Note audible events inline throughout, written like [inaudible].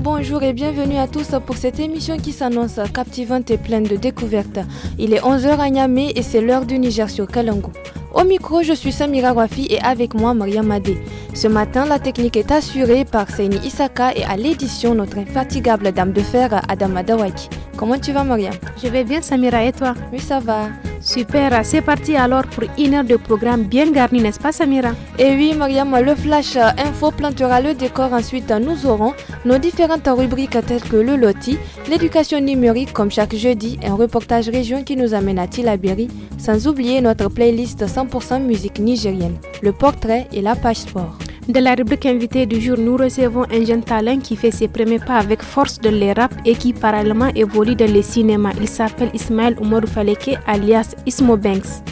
bonjour et bienvenue à tous pour cette émission qui s'annonce captivante et pleine de découvertes. Il est 11h à Niamey et c'est l'heure du Niger sur Kalangu. Au micro, je suis Samira Wafi et avec moi Maria Madé. Ce matin, la technique est assurée par Seini Isaka et à l'édition, notre infatigable dame de fer Adam Dawaki. Comment tu vas, Maria Je vais bien, Samira, et toi Oui, ça va. Super, c'est parti alors pour une heure de programme bien garni, n'est-ce pas Samira Et eh oui Mariam, le flash euh, info plantera le décor. Ensuite, euh, nous aurons nos différentes rubriques telles que le loti, l'éducation numérique comme chaque jeudi, un reportage région qui nous amène à Tilabiri, sans oublier notre playlist 100% musique nigérienne, le portrait et la page sport. De la rubrique invitée du jour, nous recevons un jeune talent qui fait ses premiers pas avec force dans les rap et qui parallèlement évolue dans le cinéma. Il s'appelle Ismaël Oumarou Faleke alias Ismo Banks.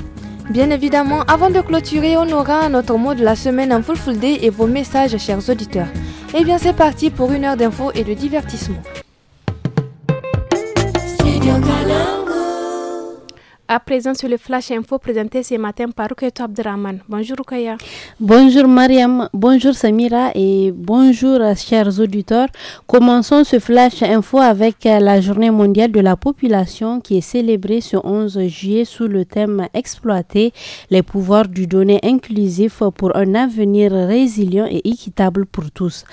Bien évidemment, avant de clôturer, on aura notre mot de la semaine en full full day et vos messages, chers auditeurs. Eh bien, c'est parti pour une heure d'infos et de divertissement à présent sur le Flash Info présenté ce matin par Rukayatou Abdraman. Bonjour Rukaya. Bonjour Mariam, bonjour Samira et bonjour euh, chers auditeurs. Commençons ce Flash Info avec euh, la journée mondiale de la population qui est célébrée ce 11 juillet sous le thème Exploiter les pouvoirs du donné inclusif pour un avenir résilient et équitable pour tous.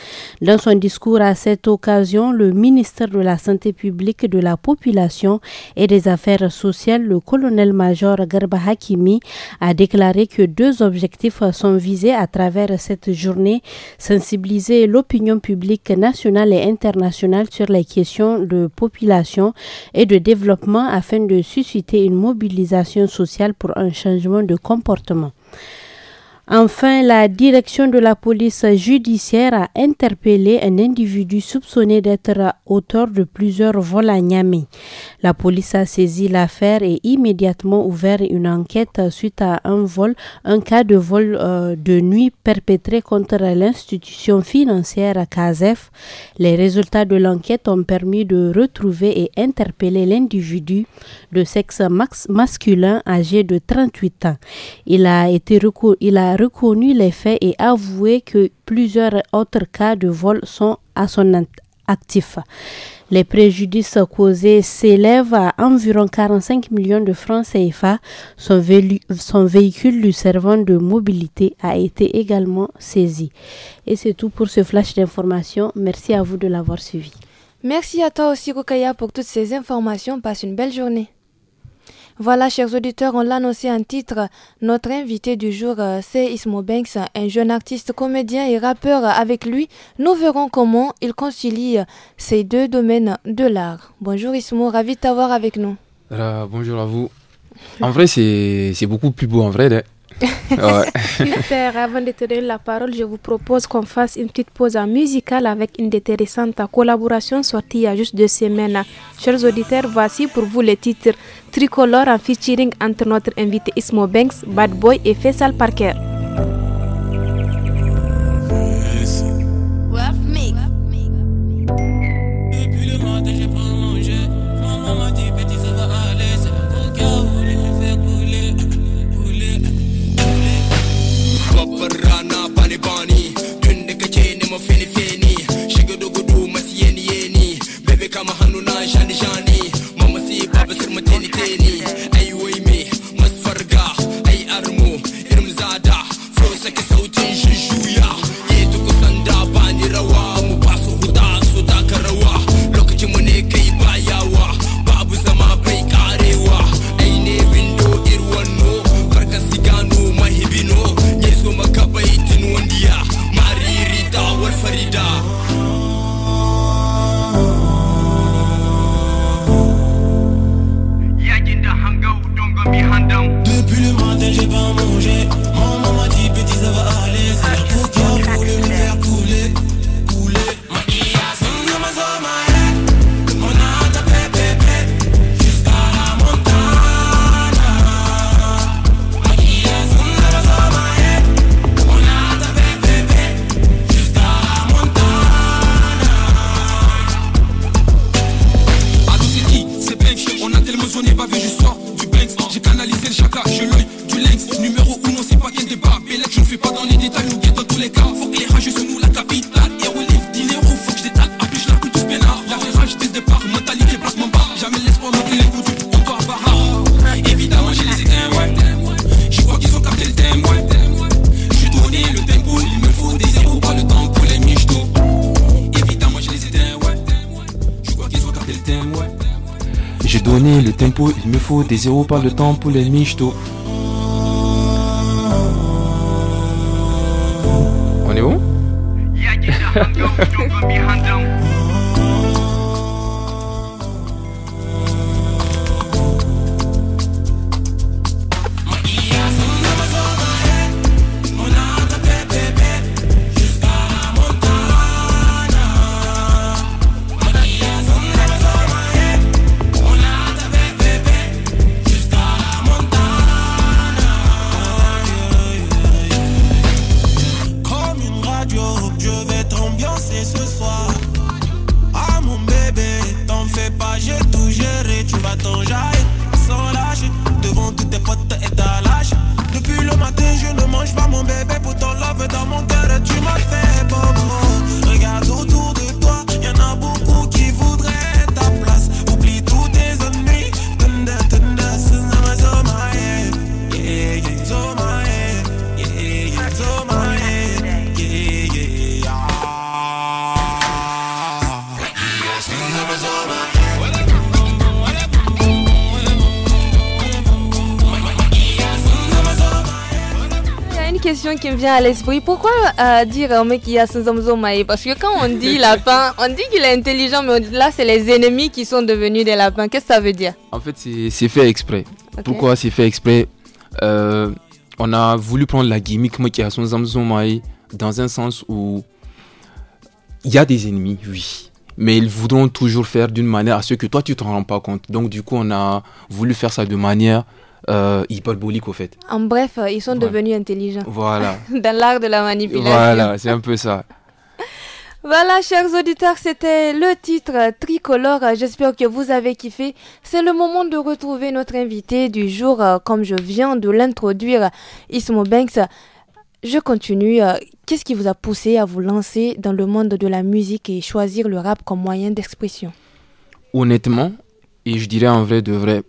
Dans son discours à cette occasion, le ministre de la Santé publique, de la Population et des Affaires sociales, le colonel colonel-major Garba Hakimi a déclaré que deux objectifs sont visés à travers cette journée, sensibiliser l'opinion publique nationale et internationale sur les questions de population et de développement afin de susciter une mobilisation sociale pour un changement de comportement. Enfin, la direction de la police judiciaire a interpellé un individu soupçonné d'être auteur de plusieurs vols à Niamey. La police a saisi l'affaire et immédiatement ouvert une enquête suite à un vol, un cas de vol euh, de nuit perpétré contre l'institution financière Kazef. Les résultats de l'enquête ont permis de retrouver et interpeller l'individu de sexe masculin âgé de 38 ans. Il a été recours, il a reconnu les faits et avoué que plusieurs autres cas de vol sont à son actif. Les préjudices causés s'élèvent à environ 45 millions de francs CFA. Son, véhicule lui servant de mobilité a été également saisi. Et c'est tout pour ce flash d'information. Merci à vous de l'avoir suivi. Merci à toi aussi, Kokaya, pour toutes ces informations. Passe une belle journée. Voilà, chers auditeurs, on l'a annoncé en titre. Notre invité du jour, euh, c'est Ismo Banks, un jeune artiste, comédien et rappeur. Avec lui, nous verrons comment il concilie euh, ces deux domaines de l'art. Bonjour Ismo, ravi de t'avoir avec nous. bonjour à vous. En vrai, c'est beaucoup plus beau en vrai. Hein avant de te donner la parole, je vous propose qu'on fasse une petite pause musicale avec une intéressante collaboration sortie il y a juste deux semaines. Chers auditeurs, voici pour vous le titre Tricolore en featuring entre notre invité Ismo Banks, Bad Boy et Faisal Parker. donner le tempo, il me faut des zéros par le temps pour les michto à l'esprit. Pourquoi euh, dire un mec qui a son zomzomae Parce que quand on dit lapin, [laughs] on dit qu'il est intelligent, mais là, c'est les ennemis qui sont devenus des lapins. Qu'est-ce que ça veut dire En fait, c'est fait exprès. Pourquoi c'est fait exprès euh, On a voulu prendre la gimmick moi qui a son dans un sens où il y a des ennemis, oui. Mais ils voudront toujours faire d'une manière à ce que toi, tu t'en rends pas compte. Donc, du coup, on a voulu faire ça de manière euh, hyperbolique au fait. En bref, euh, ils sont devenus intelligents. Voilà. [laughs] Dans l'art de la manipulation. Voilà, c'est un peu ça. Voilà, chers auditeurs, c'était le titre tricolore. J'espère que vous avez kiffé. C'est le moment de retrouver notre invité du jour, euh, comme je viens de l'introduire, Ismo Banks. Je continue. Euh, qu'est-ce qui vous a poussé à vous lancer dans le monde de la musique et choisir le rap comme moyen d'expression Honnêtement, et je dirais en vrai de vrai,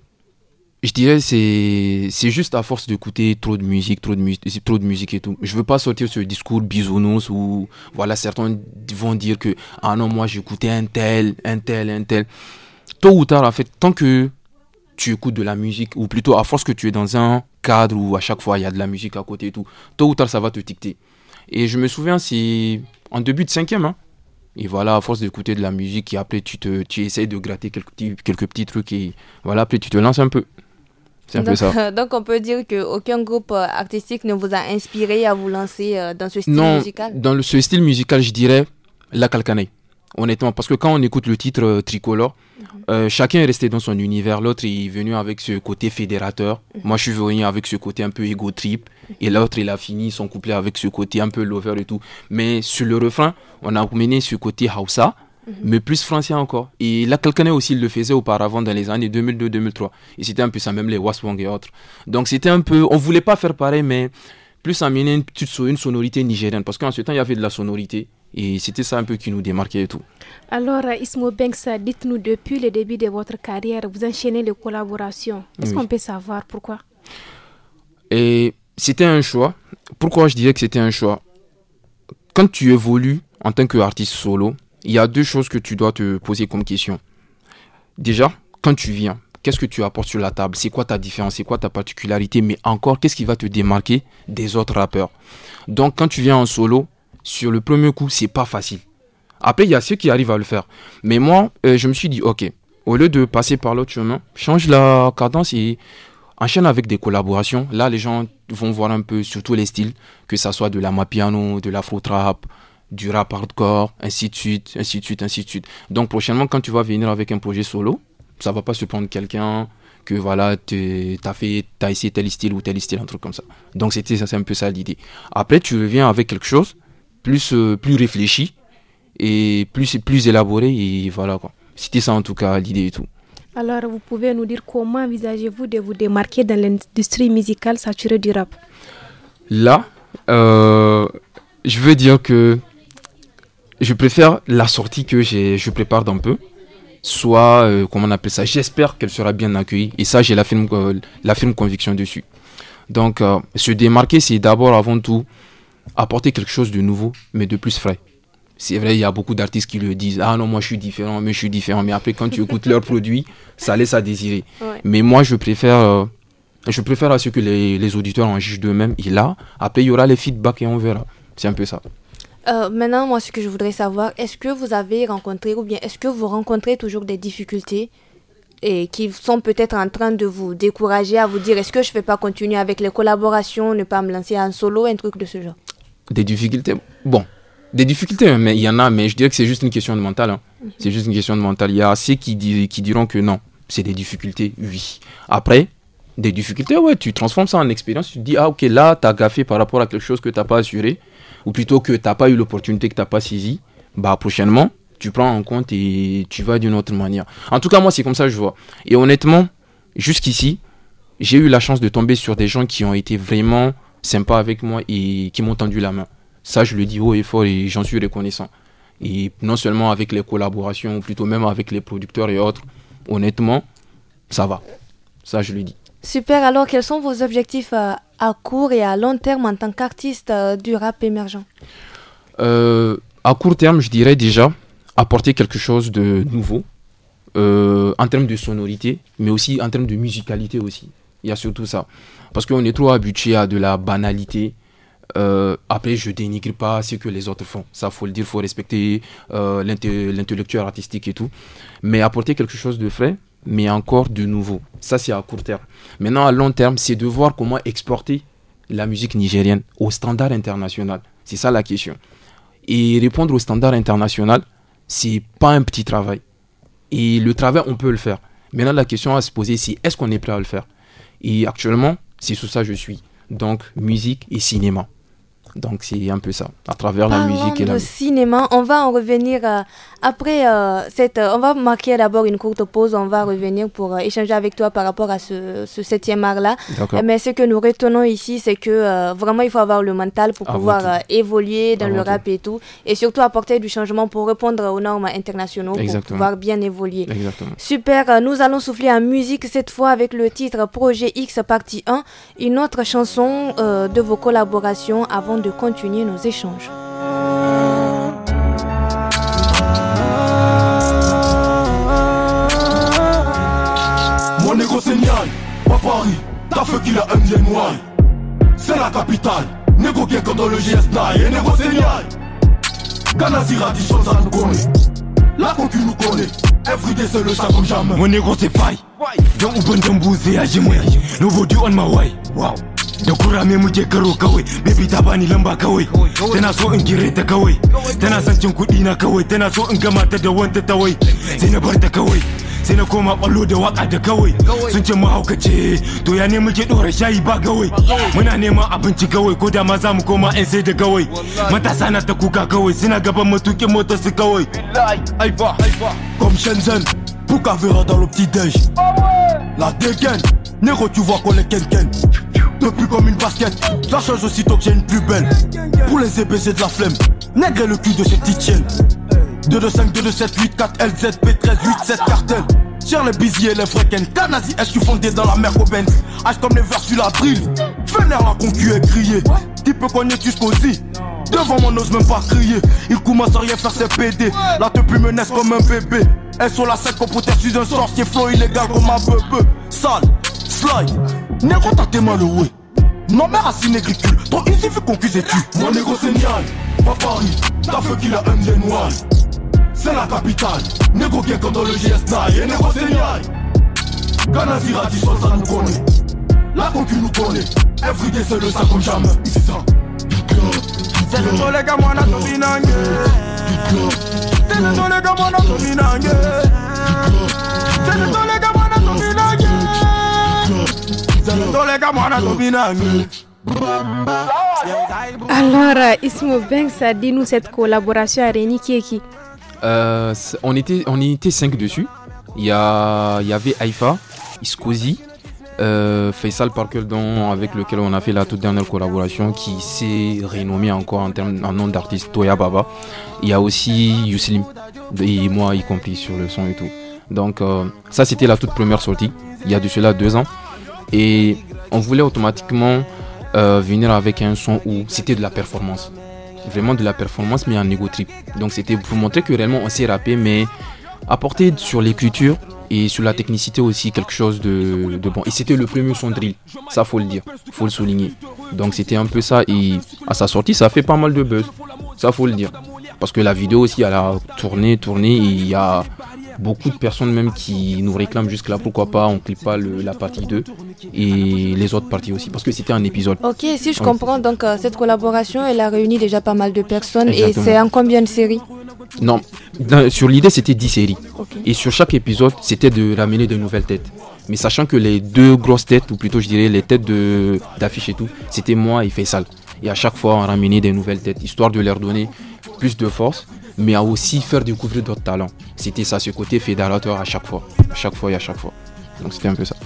je dirais c'est c'est juste à force d'écouter trop de musique, trop de musique, trop de musique et tout. Je veux pas sortir ce discours bisounours où voilà certains vont dire que ah non moi j'écoutais un tel, un tel, un tel. Tôt ou tard en fait, tant que tu écoutes de la musique ou plutôt à force que tu es dans un cadre où à chaque fois il y a de la musique à côté et tout, tôt ou tard ça va te ticter. Et je me souviens c'est en début de cinquième hein, et voilà, à force d'écouter de la musique, et après tu, te, tu essayes de gratter quelques quelques petits trucs, et voilà, après tu te lances un peu donc, [laughs] donc on peut dire qu'aucun groupe euh, artistique ne vous a inspiré à vous lancer euh, dans ce style musical Dans le, ce style musical, je dirais la calcanée honnêtement, parce que quand on écoute le titre euh, Tricolore, mhm. chacun est resté dans son univers. L'autre est venu avec ce côté fédérateur. Mhm. Moi, je suis venu avec ce côté un peu ego trip. Et mhm. l'autre, il a fini son couplet avec ce côté un peu lover et tout. Mais sur le refrain, on a amené ce côté Hausa. Mhm. mais plus français encore. Et là, quelqu'un aussi le faisait auparavant dans les années 2002-2003. Et c'était un peu ça, même les Waswang et autres. Donc c'était un peu, on voulait pas faire pareil, mais plus amener une, une sonorité nigérienne, parce qu'en ce temps, il y avait de la sonorité. Et c'était ça un peu qui nous démarquait et tout. Alors, euh, Ismo Banks, euh, dites-nous, depuis le début de votre carrière, vous enchaînez les collaborations. Est-ce qu'on peut savoir pourquoi Et c'était un choix. Pourquoi je dirais que c'était un choix Quand tu évolues en tant qu'artiste solo, il y a deux choses que tu dois te poser comme question. Déjà, quand tu viens, qu'est-ce que tu apportes sur la table C'est quoi ta différence C'est quoi ta particularité Mais encore, qu'est-ce qui va te démarquer des autres rappeurs Donc, quand tu viens en solo, sur le premier coup, c'est pas facile. Après, il y a ceux qui arrivent à le faire. Mais moi, euh, je me suis dit, ok, au lieu de passer par l'autre chemin, change la cadence et enchaîne avec des collaborations. Là, les gens vont voir un peu, surtout les styles, que ça soit de la mapiano, de l'afro trap, du rap hardcore, ainsi de suite, ainsi de suite, ainsi de suite. Donc prochainement, quand tu vas venir avec un projet solo, ça va pas surprendre quelqu'un que voilà, tu as fait, essayé tel style ou tel style, un truc comme ça. Donc c'était ça, c'est un peu ça l'idée. Après, tu reviens avec quelque chose plus, euh, plus réfléchi et plus, plus élaboré et voilà quoi. C'était ça en tout cas l'idée et tout. Alors, vous pouvez nous dire comment envisagez-vous de vous démarquer dans l'industrie musicale saturée du rap Là, euh, je veux dire que je préfère la sortie que je prépare d'un peu soit euh, comment on appelle ça j'espère qu'elle sera bien accueillie et ça j'ai la firme euh, la conviction dessus donc euh, se démarquer c'est d'abord avant tout apporter quelque chose de nouveau mais de plus frais c'est vrai il y a beaucoup d'artistes qui le disent ah non moi je suis différent mais je suis différent mais après quand tu écoutes leurs produits ça laisse à désirer mais moi je préfère je préfère à ce que les, les auditeurs en jugent d'eux-mêmes et là après il y aura les feedbacks et on verra c'est un peu ça euh, maintenant, moi, ce que je voudrais savoir, est-ce que vous avez rencontré ou bien est-ce que vous rencontrez toujours des difficultés et qui sont peut-être en train de vous décourager à vous dire est-ce que je ne vais pas continuer avec les collaborations, ne pas me lancer en solo, un truc de ce genre Des difficultés Bon, des difficultés, mais il y en a, mais je dirais que c'est juste une question de mental. Hein. Mhm. C'est juste une question de mental. Il y a assez qui diront que non, c'est des difficultés, oui. Après, des difficultés, ouais, tu transformes ça en expérience, tu te dis, ah ok, là, tu as gaffé par rapport à quelque chose que tu n'as pas assuré, ou plutôt que tu n'as pas eu l'opportunité, que tu n'as pas saisi, bah prochainement, tu prends en compte et tu vas d'une autre manière. En tout cas, moi, c'est comme ça que je vois. Et honnêtement, jusqu'ici, j'ai eu la chance de tomber sur des gens qui ont été vraiment sympas avec moi et qui m'ont tendu la main. Ça, je le dis haut et fort et j'en suis reconnaissant. Et non seulement avec les collaborations, ou plutôt même avec les producteurs et autres, honnêtement, ça va. Ça, je le dis. Super, alors quels sont vos objectifs euh, à, court et à long terme en tant qu'artiste euh, du rap émergent euh, À court terme, je dirais déjà apporter quelque chose de nouveau en termes de sonorité, mais aussi en termes de musicalité aussi. Il y a surtout ça. Parce qu'on est trop habitué à de la banalité, après, je dénigre pas ce que les autres font. Ça, faut le dire, faut respecter l'intellectuel artistique et tout. Mais apporter quelque chose de frais, mais encore de nouveau. Ça, c'est à court terme. Maintenant, à long terme, c'est de voir comment exporter la musique nigérienne au standard international. C'est ça la question. Et répondre au standard international, c'est pas un petit travail. Et le travail, on peut le faire. Maintenant, la question à se poser, c'est est-ce qu'on est prêt à le faire Et actuellement, c'est sur ça que je suis. Donc, musique et cinéma. Donc c'est un peu ça, à travers la musique et Le cinéma, on va en revenir euh, après euh, cette... Euh, on va marquer d'abord une courte pause, on va revenir pour échanger avec toi par rapport à ce, septième art-là. Mais ce que nous retenons ici, c'est que vraiment il faut avoir le mental pour pouvoir évoluer dans le rap et tout, et surtout apporter du changement pour répondre aux normes internationales pour pouvoir bien évoluer. Super, nous allons souffler en musique cette fois avec le titre Projet X partie 1, une autre chanson de vos collaborations avant de de continuer nos échanges. Mon négocié c'est Niaï, pas Paris, t'as fait qu'il a MDNY. C'est la capitale, négo comme dans le GS9, et négo c'est Niaï. Ganazira dit chose à nous connaît, la concu nous connaît. Everyday c'est le ça comme jamais. Mon négro c'est paille, don't open don't boozy, Ajimoy. Nouveau du on my way. Wow. da kurame muke karo kawai baby ta bani lamba kawai tana so in gire ta kawai tana son cin kuɗi na kawai tana so in gama ta da wanta ta wai sai na bar ta kawai sai na koma kwallo da waka da kawai sun ce mahaukace to ya ne muke dora shayi ba kawai muna neman abinci kawai ko da ma za mu koma yan sai da kawai matasa na ta kuka kawai suna gaban matukin motar su kawai comme Shenzhen Puka verra dans le petit déj la dégaine négro tu vois qu'on est quelqu'un plus comme une basket. la chose aussitôt que j'ai une plus belle. Pour les c'est de la flemme, nègre le cul de ce petit 2, 2, 5, 2, 2, 7, 8, 4, LZ, P13, 8, 7, cartel. Tiens les busy et les fréquents. Canazi, est-ce que fondé dans la mer au Benz H comme les vers sur la drill. Vénère la concu est crier. Tu peux connaître jusqu'au Z. Devant moi, n'ose même pas crier. Il commence à rien faire ses PD. La te plus menace comme un bébé. Elle sur la scène qu'on protège, suis un sorcier flow illégal comme un bebe. Sale, fly, nègre t'as tes mains Ma mère a signé sinégricule, trop il vu qu'on cuise et tue. Mon négro c'est Nian, pas Paris, t'as feu qu'il a un bien noir. C'est la capitale, négro qui est comme dans le GS9, et négro c'est Nian. Ganazira dit ça nous connaît. La concu nous connaît. Everyday c'est le ça comme jamais. Ici ça. C'est le les gars moi, la dominangue. C'est le les gars moi, la dominangue. C'est le collègue à moi. Alors, euh, Ismo ça dit nous cette collaboration à Réni qui euh, on, était, on était cinq dessus. Il y, a, il y avait Haifa, Iskozi, euh, Faisal Parker avec lequel on a fait la toute dernière collaboration qui s'est renommée encore en, en nom d'artiste Toya Baba. Il y a aussi Yuslim et moi y compris sur le son et tout. Donc ça c'était la toute première sortie il y a de cela deux ans. Et on voulait automatiquement euh, venir avec un son où c'était de la performance. Vraiment de la performance, mais en ego trip. Donc c'était pour montrer que réellement on s'est rappé, mais apporter sur l'écriture et sur la technicité aussi quelque chose de, bon. Et c'était le premier son drill, ça faut le dire, faut le souligner. Donc c'était un peu ça et à sa sortie ça fait pas mal de buzz, ça faut le dire. Parce que la vidéo aussi elle a tourné, tourné, il y a beaucoup de personnes même qui nous réclament jusque là pourquoi pas on clip pas la partie 2 et les autres parties aussi parce que c'était un épisode. Ok, si je comprends, donc euh, cette collaboration elle a réuni déjà pas mal de personnes et c'est en combien de séries Non, sur l'idée c'était 10 séries et sur chaque épisode c'était de ramener de nouvelles têtes. Mais sachant que les deux grosses têtes, ou plutôt je dirais les têtes d'affiches et tout, c'était moi et Faisal. Et à chaque fois on ramenait des nouvelles têtes, histoire de leur donner plus de force mais à aussi faire découvrir d'autres talents. C'était ça, ce côté fédérateur à chaque fois, à chaque fois et à chaque fois. Donc c'était un peu ça.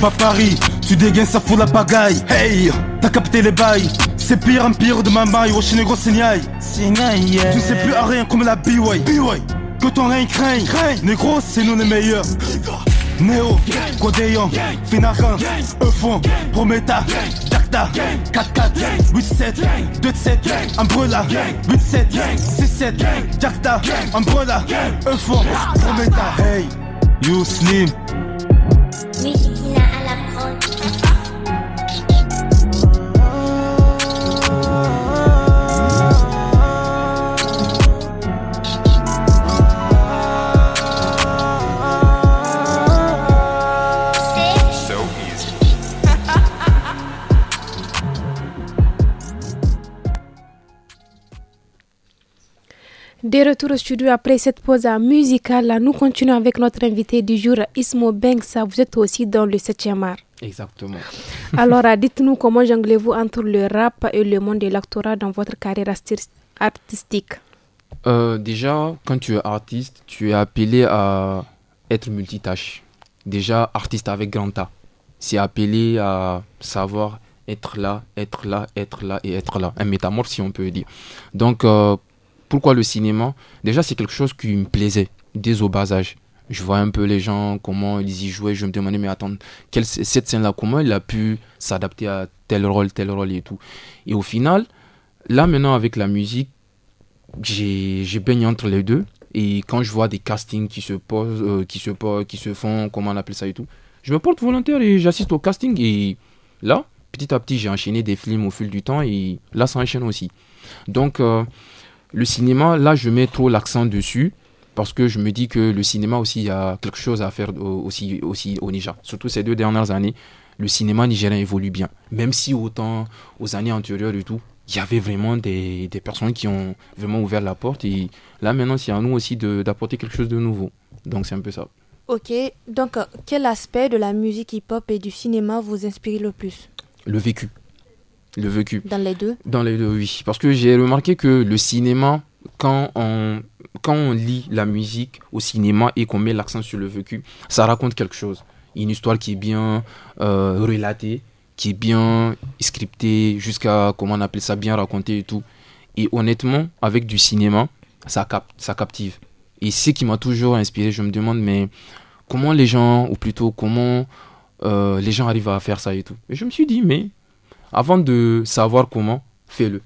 pas Paris, tu dégaines ça fout la pagaille. Hey, t'as capté les bails. C'est pire en pire de ma maille, Oshi C'est Senyai. Tu sais plus à rien comme la B-Way. Que ton rien Les Négro, c'est nous les meilleurs. Néo, Codéon, Finarin, Eufon, Prometa, Dacta, 4-4, 8-7, 2-7, Umbrella, 8-7, 6-7, Dacta, Umbrella, Eufon, Prometa, hey, you slim. De retour au studio après cette pause musicale, nous continuons avec notre invité du jour, Ismo Bengsa. Vous êtes aussi dans le 7e art. Exactement. [laughs] Alors, euh, dites-nous comment jonglez-vous entre le rap et le monde de l'actorat dans votre carrière artistique euh, Déjà, quand tu es artiste, tu es appelé à être multitâche. Déjà, artiste avec grand A. C'est appelé à savoir être là, être là, être là et être là. Un métamorphe, si on peut dire. Donc, euh, pourquoi le cinéma Déjà, c'est quelque chose qui me plaisait dès au bas âge. Je vois un peu les gens, comment ils y jouaient. Je me demandais, mais attends, quelle, cette scène-là, comment il a pu s'adapter à tel rôle, tel rôle et tout. Et au final, là maintenant, avec la musique, j'ai baigné entre les deux. Et quand je vois des castings qui se posent, euh, qui se qui se font, comment on appelle ça et tout, je me porte volontaire et j'assiste au casting. Et là, petit à petit, j'ai enchaîné des films au fil du temps et là, ça enchaîne aussi. Donc, euh, le cinéma, là, je mets trop l'accent dessus parce que je me dis que le cinéma aussi, a quelque chose à faire aussi, aussi au Niger. Surtout ces deux dernières années, le cinéma nigérien évolue bien. Même si autant aux années antérieures et tout, il y avait vraiment des, des, personnes qui ont vraiment ouvert la porte. Et là, maintenant, c'est à nous aussi d'apporter quelque chose de nouveau. Donc, c'est un peu ça. Ok, donc quel aspect de la musique hip-hop et du cinéma vous inspire le plus Le vécu le vécu. Dans les deux Dans les deux, oui. Parce que j'ai remarqué que le cinéma, quand on, quand on lit la musique au cinéma et qu'on met l'accent sur le vécu, ça raconte quelque chose. Une histoire qui est bien euh, relatée, qui est bien scriptée, jusqu'à, comment on appelle ça, bien racontée et tout. Et honnêtement, avec du cinéma, ça, ça captive. Et c'est ce qui m'a toujours inspiré. Je me demande, mais comment les gens, ou plutôt comment euh, les gens arrivent à faire ça et tout. Et je me suis dit, mais avant de savoir comment, fais-le.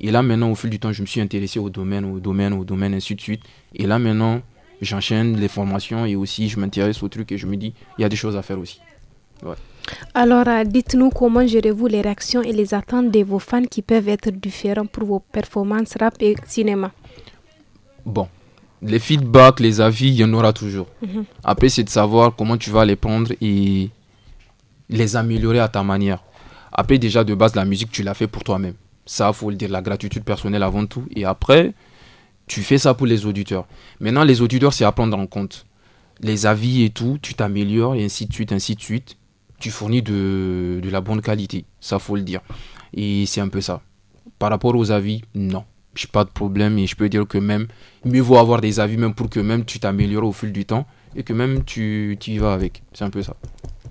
Et là maintenant, au fil du temps, je me suis intéressé au domaine, au domaine, au domaine, ainsi de suite. Et là maintenant, j'enchaîne les formations et aussi je m'intéresse au truc et je me dis, il y a des choses à faire aussi. Alors, euh, dites-nous comment gérez-vous les réactions et les attentes de vos fans qui peuvent être différents pour vos performances rap et cinéma Bon, les feedbacks, les avis, il y en aura toujours. Mhm. Après, c'est de savoir comment tu vas les prendre et les améliorer à ta manière. Après, déjà, de base, la musique, tu l'as fait pour toi-même. Ça, faut le dire, la gratitude personnelle avant tout. Et après, tu fais ça pour les auditeurs. Maintenant, les auditeurs, c'est à prendre en compte. Les avis et tout, tu t'améliores, et ainsi de suite, ainsi de suite. Tu fournis de, de la bonne qualité. Ça, faut le dire. Et c'est un peu ça. Par rapport aux avis, non Je n'ai pas de problème et je peux dire que même mieux vaut avoir des avis même pour que même tu t'améliores au fil du temps et que même tu, tu y vas avec. C'est un peu ça.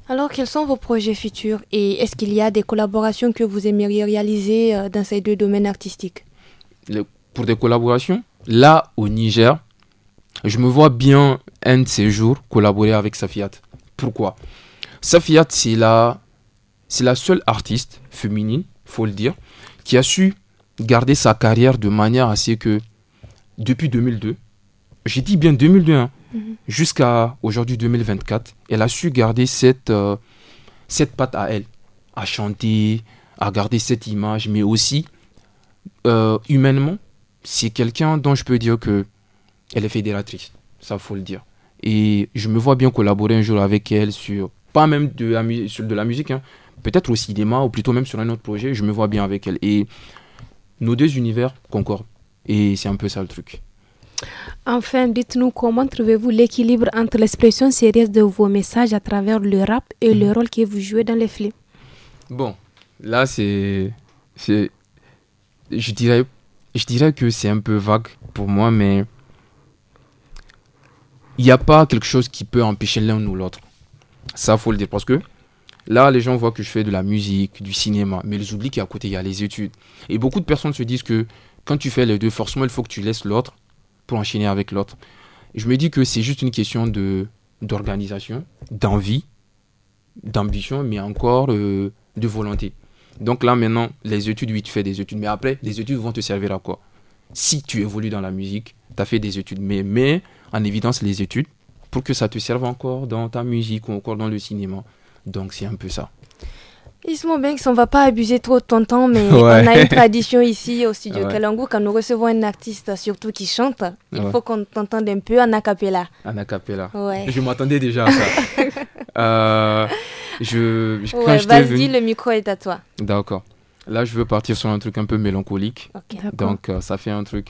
Alors, quels sont vos projets futurs et est-ce qu'il y a des collaborations que vous aimeriez réaliser euh, dans ces deux domaines artistiques Pour des collaborations, là au Niger, je me vois bien un de ces jours collaborer avec Safiat. Pourquoi Safiat, c'est la, c'est la seule artiste féminine, faut le dire, qui a su garder sa carrière de manière à ce que depuis 2002, j'ai dit bien 2002, Mhm. jusqu'à aujourd'hui 2024, elle a su garder cette, euh, cette patte à elle, à chanter, à garder cette image, mais aussi euh, humainement, c'est quelqu'un dont je peux dire que elle est fédératrice, ça faut le dire. Et je me vois bien collaborer un jour avec elle sur, pas même de sur de la musique, hein, peut-être au cinéma ou plutôt même sur un autre projet, je me vois bien avec elle. Et nos deux univers concordent. Et c'est un peu ça le truc. Enfin, dites-nous comment trouvez-vous l'équilibre entre l'expression sérieuse de vos messages à travers le rap et le mhm. rôle que vous jouez dans les films Bon, là c'est, c'est, je dirais, je dirais que c'est un peu vague pour moi, mais il n'y a pas quelque chose qui peut empêcher l'un ou l'autre. Ça faut le dire parce que là les gens voient que je fais de la musique, du cinéma, mais ils oublient qu'à côté il y a les études. Et beaucoup de personnes se disent que quand tu fais les deux, forcément il faut que tu laisses l'autre pour enchaîner avec l'autre. Je me dis que c'est juste une question de d'organisation, d'envie, d'ambition, mais encore euh, de volonté. Donc là maintenant, les études, oui, tu fais des études, mais après, les études vont te servir à quoi Si tu évolues dans la musique, tu as fait des études, mais mais en évidence les études pour que ça te serve encore dans ta musique ou encore dans le cinéma. Donc c'est un peu ça que si on va pas abuser trop de ton temps, mais [laughs] on a une tradition ici au studio [laughs] ouais. quand nous recevons un artiste surtout qui chante, il faut qu'on t'entende un peu en acapella. En acapella. Je m'attendais déjà à ça. [laughs] Euh, je, vas-y, le micro est à toi. D'accord. Là, je veux partir sur un truc un peu mélancolique. Donc, euh, ça fait un truc.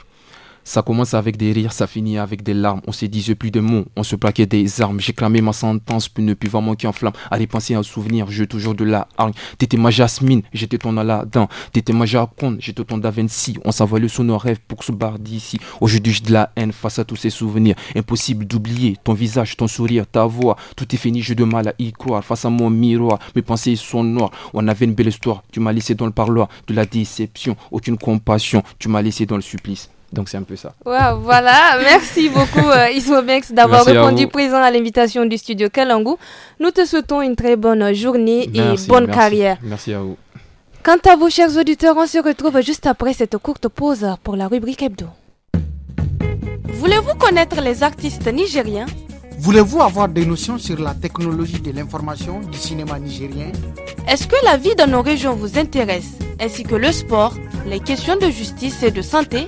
Ça commence avec des rires, ça finit avec des larmes. On se disait plus de mots, on se plaquait des armes. J'ai clamé ma sentence puis ne plus vraiment mon flamme. en flamme. À un souvenir, je toujours de la hargne. T'étais ma Jasmine, j'étais ton Aladdin. T'étais ma Jaconde, j'étais ton Davency. On On le sous nos rêves pour se barrer d'ici. Aujourd'hui, oh, j'ai de la haine face à tous ces souvenirs. Impossible d'oublier ton visage, ton sourire, ta voix. Tout est fini, j'ai de mal à y croire. Face à mon miroir, mes pensées sont noires. On avait une belle histoire, tu m'as laissé dans le parloir. De la déception, aucune compassion, tu m'as laissé dans le supplice. Donc c'est un peu ça. voilà, merci beaucoup euh, d'avoir répondu présent à l'invitation du studio Kalangu. Nous te souhaitons une très bonne journée et bonne carrière. Merci à vous. Quant à vous, chers auditeurs, on se retrouve juste après cette courte pause pour la rubrique hebdo. Voulez-vous connaître les artistes nigériens Voulez-vous avoir des notions sur la technologie de l'information du cinéma nigérien Est-ce que la vie dans nos régions vous intéresse, ainsi que le sport, les questions de justice et de santé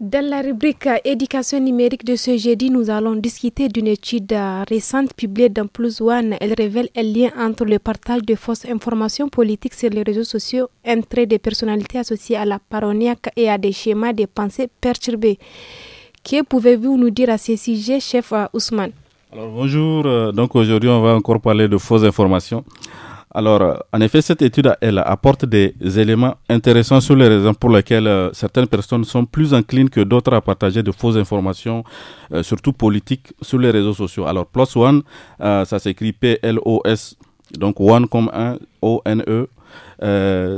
Dans la rubrique éducation numérique de ce jeudi, nous allons discuter d'une étude récente publiée dans Plus One. Elle révèle un lien entre le partage de fausses informations politiques sur les réseaux sociaux, un trait des personnalités associées à la paroniaque et à des schémas de pensée perturbés. Que pouvez-vous nous dire à ce sujet, chef euh, Ousmane Alors bonjour, euh, donc aujourd'hui on va encore parler de fausses informations. Alors, euh, en effet, cette étude, elle apporte des éléments intéressants sur les raisons pour lesquelles euh, certaines personnes sont plus inclines que d'autres à partager de fausses informations, euh, surtout politiques, sur les réseaux sociaux. Alors, Plus One, ça s'écrit P-L-O-S, donc One comme un, O-N-E.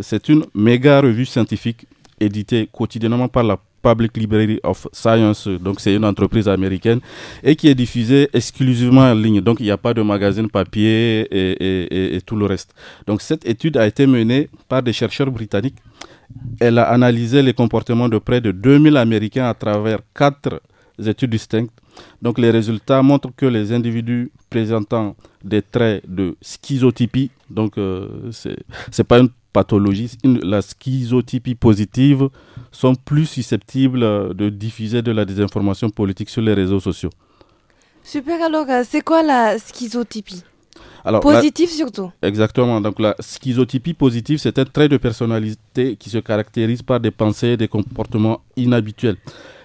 c'est une méga revue scientifique éditée quotidiennement par la Public Library of Science, donc c'est une entreprise américaine, et qui est diffusée exclusivement en ligne. Donc il n'y a pas de magazine papier et, tout le reste. Donc cette étude a été menée par des chercheurs britanniques. Elle a analysé les comportements de près de 2000 Américains à travers quatre études distinctes. Donc les résultats montrent que les individus présentant des traits de schizotypie, donc euh, c'est pas une pathologie, la schizotypie positive sont plus susceptibles euh, de diffuser de la désinformation politique sur les réseaux sociaux. Super, alors euh, c'est quoi la schizotypie alors, Positif surtout. Exactement. Donc la schizotypie positive, c'est un trait de personnalité qui se caractérise par des pensées et des comportements inhabituels.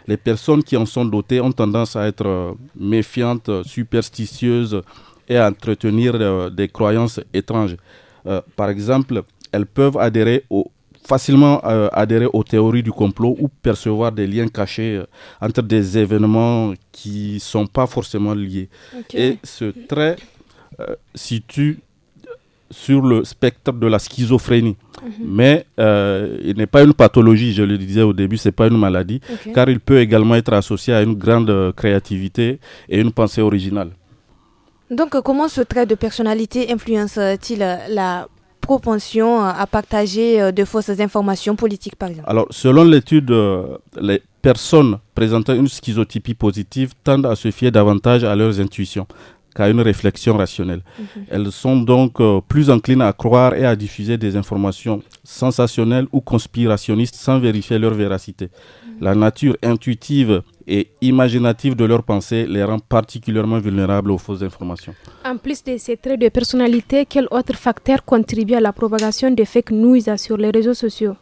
Les personnes qui en sont dotées ont tendance à être euh, méfiantes, superstitieuses et à entretenir des croyances étranges. par exemple, elles peuvent adhérer au facilement euh, adhérer aux théories du complot ou percevoir des liens cachés euh, entre des événements qui ne sont pas forcément liés. Et ce trait euh, situe sur le spectre de la schizophrénie. Mhm. Mais il n'est pas une pathologie, je le disais au début, ce n'est pas une maladie, car il peut également être associé à une grande créativité et une pensée originale. Donc comment ce trait de personnalité influence-t-il la propension euh, à partager euh, de fausses informations politiques, par exemple Alors, selon l'étude, euh, les personnes présentant une schizotypie positive tendent à se fier davantage à leurs intuitions qu'à une réflexion rationnelle. Mhm. Elles sont donc plus inclines à croire et à diffuser des informations sensationnelles ou conspirationnistes sans vérifier leur véracité. La nature intuitive et imaginative de leurs pensées les rend particulièrement vulnérables aux fausses informations. En plus de ces traits de personnalité, quel autres facteurs contribuent à la propagation des fake news sur les réseaux sociaux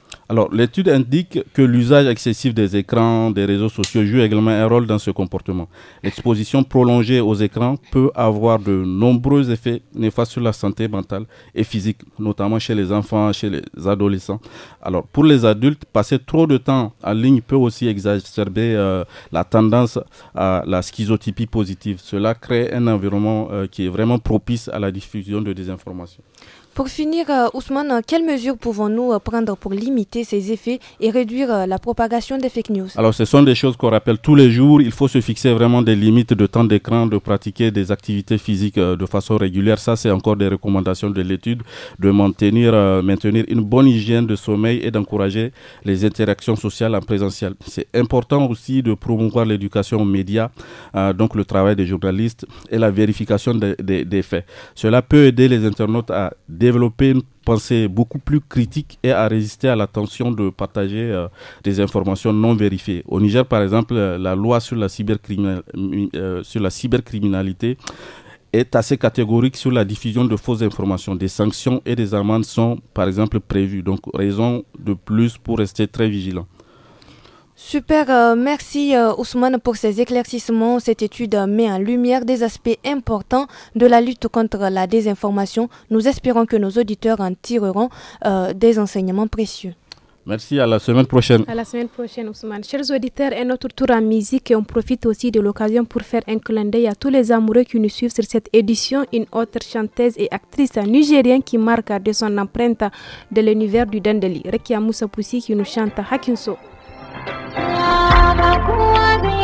l'étude indique que l'usage excessif des écrans, des réseaux sociaux joue également un rôle dans ce comportement. L'exposition prolongée aux écrans peut avoir de nombreux effets néfastes sur la santé mentale et physique, notamment chez les enfants, chez les adolescents. Alors, pour les adultes, passer trop de temps en ligne peut aussi exacerber euh, la tendance à la schizotypie positive. Cela crée un environnement euh, qui est vraiment propice à la diffusion de désinformation. Pour finir, euh, Ousmane, quelles mesures pouvons-nous euh, prendre pour limiter ces effets et réduire euh, la propagation des fake news Alors, ce sont des choses qu'on rappelle tous les jours. Il faut se fixer vraiment des limites de temps d'écran, de pratiquer des activités physiques de façon régulière. Ça, c'est encore des recommandations de l'étude, de maintenir, maintenir une bonne hygiène de sommeil et d'encourager les interactions sociales en présentiel. C'est important aussi de promouvoir l'éducation aux médias, donc le travail des journalistes et la vérification des, des faits. Cela peut aider les internautes à développer une pensée beaucoup plus critique et à résister à la tension de partager euh, des informations non vérifiées. Au Niger, par exemple, euh, la loi sur la, euh, sur la cybercriminalité est assez catégorique sur la diffusion de fausses informations. Des sanctions et des amendes sont, par exemple, prévues. Donc, raison de plus pour rester très vigilant. Super, euh, merci euh, Ousmane pour ces éclaircissements. Cette étude met en lumière des aspects importants de la lutte contre la désinformation. Nous espérons que nos auditeurs en tireront euh, des enseignements précieux. Merci, à la semaine prochaine. À la semaine prochaine, Ousmane. Chers auditeurs, un autre tour en musique et on profite aussi de l'occasion pour faire un clin d'œil à tous les amoureux qui nous suivent sur cette édition. Une autre chanteuse et actrice nigérienne qui marque de son empreinte de l'univers du Dandeli, Rekia Poussi qui nous chante Hakunso. 家把国的。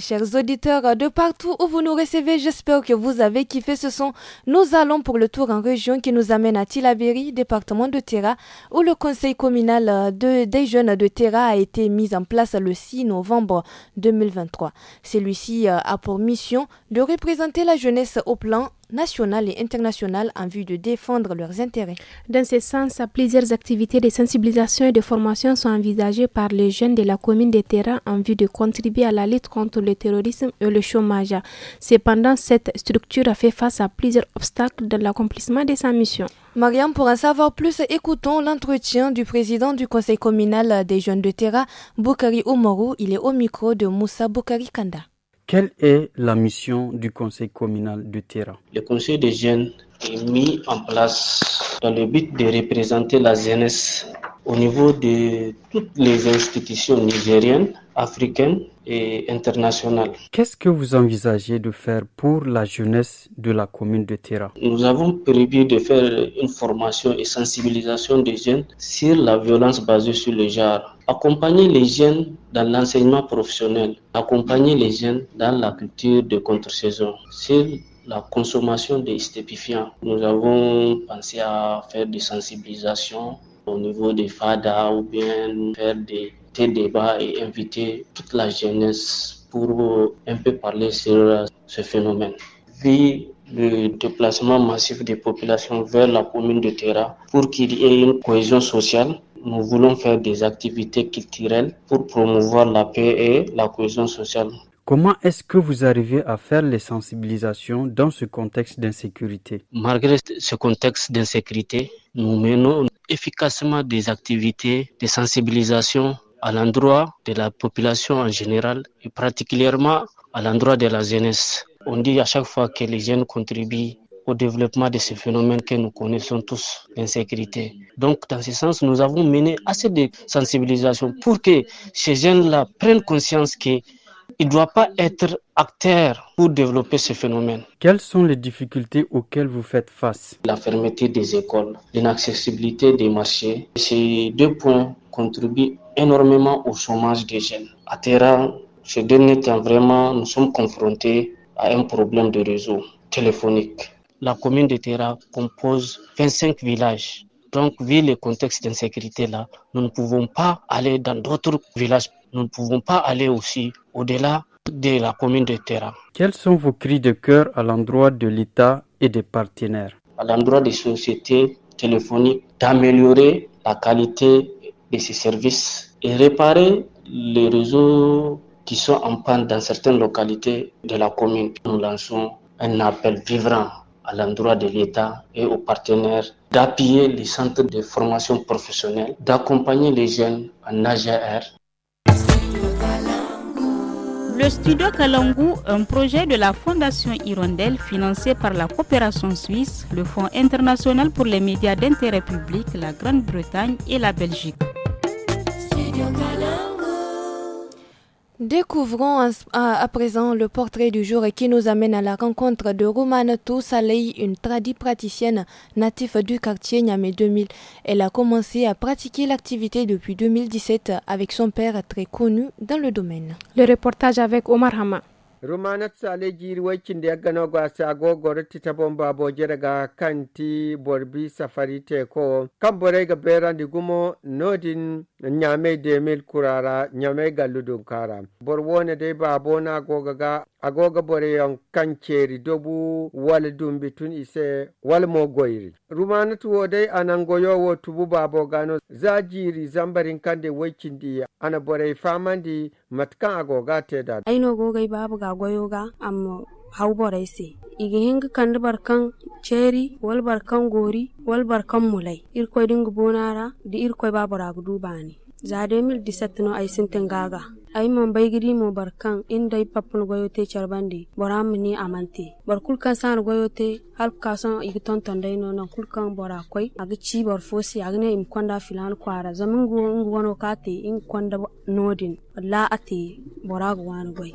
Chers auditeurs de partout où vous nous recevez, j'espère que vous avez kiffé ce son. Nous allons pour le tour en région qui nous amène à Tilaberi, département de Terra, où le conseil communal euh, de, des jeunes de Terra a été mis en place le 6 novembre 2023. Celui-ci euh, a pour mission de représenter la jeunesse au plan nationales et internationales en vue de défendre leurs intérêts. Dans ce sens, plusieurs activités de sensibilisation et de formation sont envisagées par les jeunes de la commune de terrains en vue de contribuer à la lutte contre le terrorisme et le chômage. Cependant, cette structure a fait face à plusieurs obstacles dans l'accomplissement de sa mission. Mariam, pour en savoir plus, écoutons l'entretien du président du conseil communal des jeunes de Terra, Boukari Oumarou. Il est au micro de Moussa Boukari Kanda. Quelle est la mission du conseil communal de terrain Le conseil des jeunes est mis en place dans le but de représenter la jeunesse au niveau de toutes les institutions nigériennes, africaines et Qu'est-ce que vous envisagez de faire pour la jeunesse de la commune de Terra Nous avons prévu de faire une formation et sensibilisation des jeunes sur la violence basée sur le genre. Accompagner les jeunes dans l'enseignement professionnel, accompagner les jeunes dans la culture de contre-saison, sur la consommation des stupéfiants. Nous avons pensé à faire des sensibilisations au niveau des FADA ou bien faire des débat débats et inviter toute la jeunesse pour un peu parler sur euh, ce phénomène. Vu le déplacement massif des populations vers la commune de Terra, pour qu'il y ait une cohésion sociale, nous voulons faire des activités culturelles pour promouvoir la paix et la cohésion sociale. Comment est-ce que vous arrivez à faire les sensibilisations dans ce contexte d'insécurité Malgré ce contexte d'insécurité, nous menons efficacement des activités de sensibilisation à l'endroit de la population en général et particulièrement à l'endroit de la jeunesse. On dit à chaque fois que les jeunes contribuent au développement de ce phénomène que nous connaissons tous, l'insécurité. Donc, dans ce sens, nous avons mené assez de sensibilisation pour que ces jeunes-là prennent conscience qu'ils ne doivent pas être acteurs pour développer ce phénomène. Quelles sont les difficultés auxquelles vous faites face La fermeté des écoles, l'inaccessibilité des marchés, ces deux points contribue énormément au chômage des jeunes. À Terra, ces derniers temps, vraiment, nous sommes confrontés à un problème de réseau téléphonique. La commune de Terra compose 25 villages. Donc, vu le contexte d'insécurité-là, nous ne pouvons pas aller dans d'autres villages. Nous ne pouvons pas aller aussi au-delà de la commune de Terra. Quels sont vos cris de cœur à l'endroit de l'État et des partenaires À l'endroit des sociétés téléphoniques, d'améliorer la qualité de ces services et réparer les réseaux qui sont en panne dans certaines localités de la commune. Nous lançons un appel vivant à l'endroit de l'État et aux partenaires d'appuyer les centres de formation professionnelle, d'accompagner les jeunes en AGR. Le studio Kalangu, un projet de la Fondation Hirondelle financé par la coopération suisse, le Fonds international pour les médias d'intérêt public, la Grande-Bretagne et la Belgique. Découvrons à présent le portrait du jour qui nous amène à la rencontre de Roumane Toussalei, une tradie praticienne native du quartier Niamé 2000. Elle a commencé à pratiquer l'activité depuis 2017 avec son père très connu dans le domaine. Le reportage avec Omar Hama. rumanat salegi ruwakin da ya gano gwasa agogorati ta bomba boje daga kanti borbi safari teko kan borai ga beran digumo nodin nyame demil kurara nyame ludun kara borwone dai babo na gogaga agoga yon kanceeri dobu wala dumbi tun ise wala mo goyri tu wo dai anangoyowo tubu babo gano za jiri zambarin kande waicindi ana bore famandi matkan agoga teda aino gogai babu ga goyoga amma hau bore se iga hinga kandi barkan ceri wal barkan gori wal barkan mulai irkwai dinga bonara da irkwai babu gudu bani za 2017 no ay sintin gaga ay man baygiri mo barkan inda i pappun goyote charbandi boram ni amanti bor kulkan san goyote halp kason igi ton ton dai kulkan bora koy agi ci bor fosi agi ne im konda filan kwara zamin go ngono kati in konda nodin walla ati bora wan goy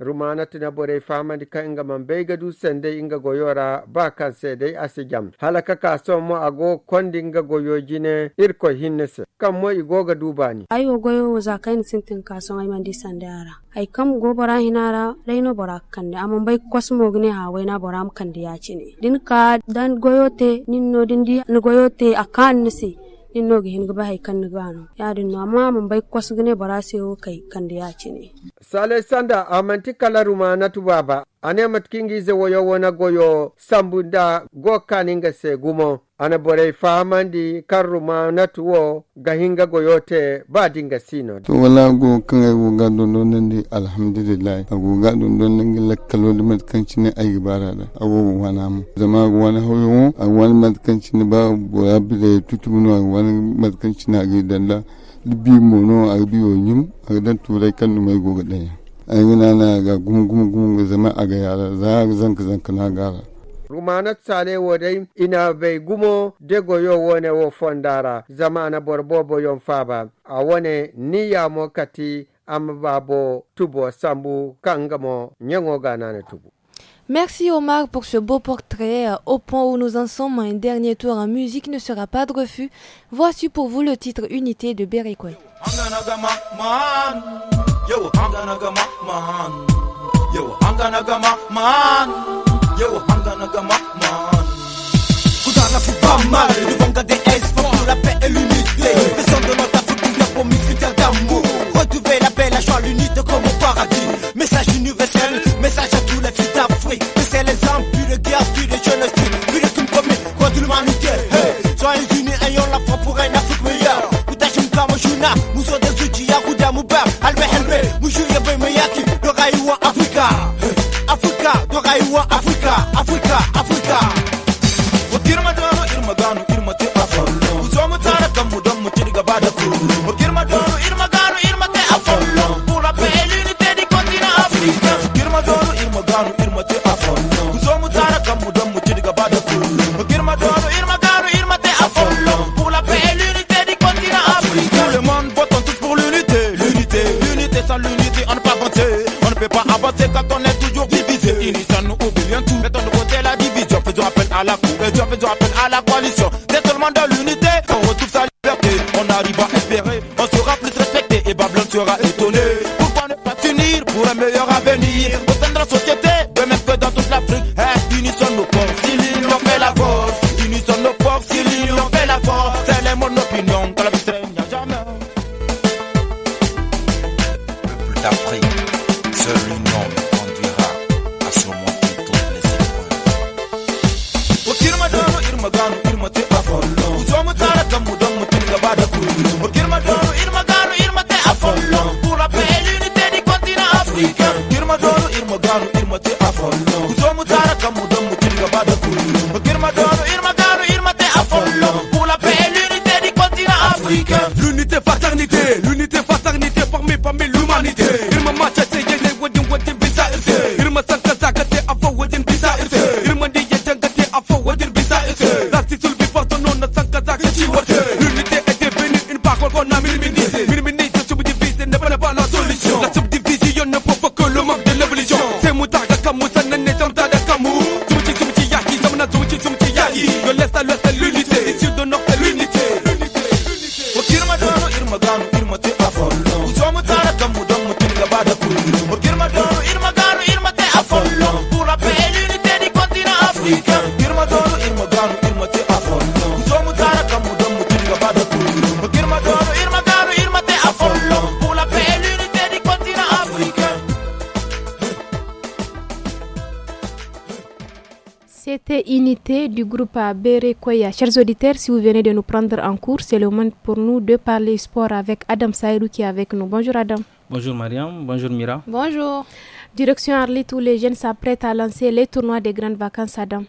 rumanatu na bore fama ka inga man be ga du sende inga goyora ba kan se dai jam halaka ka so mo ago kondi inga goyo jine irko hinnese kam mo igo ga dubani ayo goyo za kain sintin ka so ay mandi sandara ai kam go bara hinara reino bara kande amon bai kwasmo gne ha waina bara am kande ya cine din ka dan goyote ninno din di ni goyote akan nisi in no gihin ga bai kan gano ya din no amma mun bai kwasu ne bara kai kan da ya ci ne sale sanda amanti kala ruma na tubaba ane matkingi ze woyo wana goyo sambunda go kaninga se gumo ana borey fahamandi karruma natuwo gahinga goyote ba dinga sino to wala go kanga go gado don alhamdulillah go gado don nangi lakkalo da matkanci ne ayi bara da awo wana mu zama go wana hoyo a wani matkanci ne ba bo abde tutumno a wani matkanci na ga dalla bi mono a bi yonyum a turai kan mai go gadanya ayyuna na ga gungun zama a ga yara za zanka zanka na gara rumanat sale wadai ina bai gumo dego goyo wone wo fondara zama na borbobo yon faba a wone ni ya mo kati amma babo tubo sambu kangamo nyango na tubu Merci Omar pour ce beau portrait. Euh, au point où nous en sommes, un dernier tour en musique ne sera pas de refus. Voici pour vous le titre Unité de Berekwe. la paix et l'unité de à Afrique pour d'amour Retrouver la paix, la joie, l'unité comme au paradis Message universel, message c'est l'exemple, les armes, plus de guerre, plus de jeunesse, plus de quoi de contre l'humanité. Hey, soyez unis, ayons la foi pour un Afrique meilleur. je vous de Albe helbe, mais ya Afrika. Afrika, Afrika, Afrika, dropping all our quality groupe Béré Koya. Chers auditeurs, si vous venez de nous prendre en cours, c'est le moment pour nous de parler sport avec Adam Saïrou qui est avec nous. Bonjour Adam. Bonjour Mariam, bonjour Mira. Bonjour. Direction Arlit tous les jeunes s'apprêtent à lancer les tournois des grandes vacances Adam.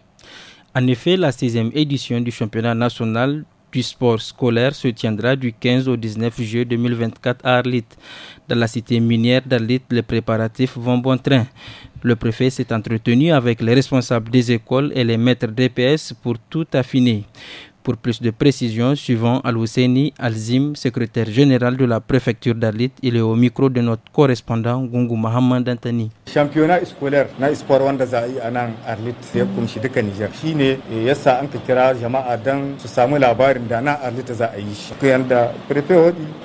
En effet, la 16e édition du championnat national du sport scolaire se tiendra du 15 au 19 juillet 2024 à Arlit. Dans la cité minière d'Arlit, les préparatifs vont bon train. Le préfet s'est entretenu avec les responsables des écoles et les maîtres d'EPS pour tout affiner. Pour plus de précisions, suivant Al-Husseini Al-Zim, secrétaire général de la préfecture d'Arlit. il est au micro de notre correspondant Gungu Mohamed Antani. Championnat scolaire na espoir wanda za Arlit c'est ya kumshi de Nijar shine et eh, an ka kira jama'a dan su samu labarin da na Arlit za a yi shi.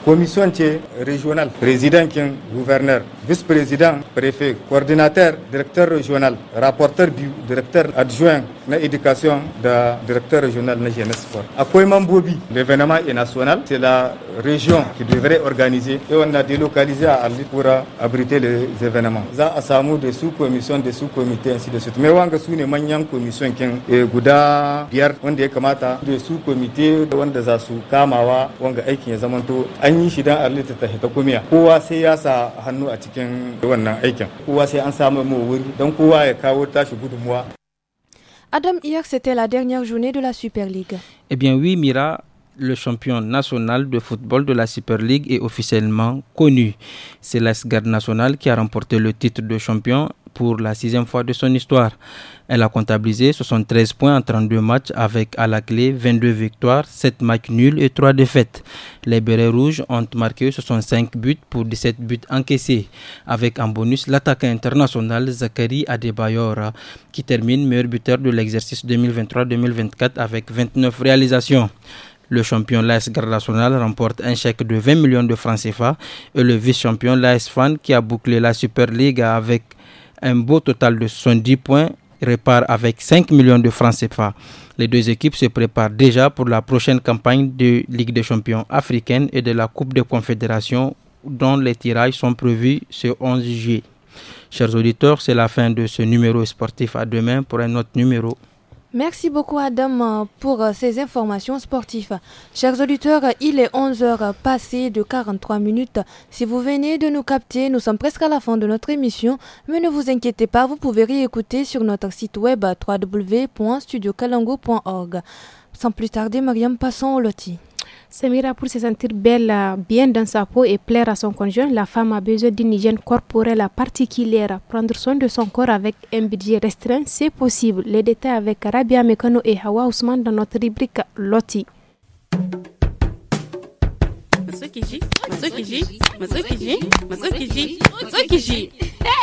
commission régionale, régionale. président kin gouverneur vice président préfet coordinateur directeur régional rapporteur du directeur adjoint na education da directeur régional na jeunesse sport akwai mambobi l'événement est national c'est la région qui devrait organiser et on a délocalisé à Arlit pour abriter les événements za a samu da sous commission da sous comité ainsi de suite mais wanga su ne manyan commission kin guda biyar wanda ya kamata des sous comités. wanda za su kamawa wanga aikin ya zamanto an yi shi dan Arlit ta hita kumiya kowa sai ya sa hannu a cikin wannan aikin kowa sai an samu mu wuri dan kowa ya kawo tashi gudunmuwa Adam, hier c'était la dernière journée de la Super League. Eh bien oui, Mira, le champion national de football de la Super League est officiellement connu. C'est l'Asgard National qui a remporté le titre de champion pour la sixième fois de son histoire. Elle a comptabilisé 73 points en 32 matchs avec à la clé 22 victoires, 7 matchs nuls et 3 défaites. Les Bérets Rouges ont marqué 65 buts pour 17 buts encaissés, avec en bonus l'attaquant international Zachary Adebayor qui termine meilleur buteur de l'exercice 2023-2024 avec 29 réalisations. Le champion l'AS National remporte un chèque de 20 millions de francs CFA et le vice-champion l'AS Fan qui a bouclé la Super League avec un beau total de 70 points repart avec 5 millions de francs CFA. Les deux équipes se préparent déjà pour la prochaine campagne de Ligue des champions africaine et de la Coupe de Confédération dont les tirages sont prévus ce 11 juillet. Chers auditeurs, c'est la fin de ce numéro sportif. À demain pour un autre numéro. Merci beaucoup Adam pour euh, ces informations sportives. Chers auditeurs, il est 11h passé de 43 minutes. Si vous venez de nous capter, nous sommes presque à la fin de notre émission, mais ne vous inquiétez pas, vous pouvez réécouter sur notre site web www.studiocalango.org. Sans plus tarder, Mariam, passons au loti. Samira, pour se sentir belle, euh, bien dans sa peau et plaire à son conjoint, la femme a besoin d'une hygiène corporelle particulière. Prendre soin de son corps avec un budget restreint, c'est possible. Les détails avec Rabia Mekano et Hawa Ousmane dans notre rubrique Loti.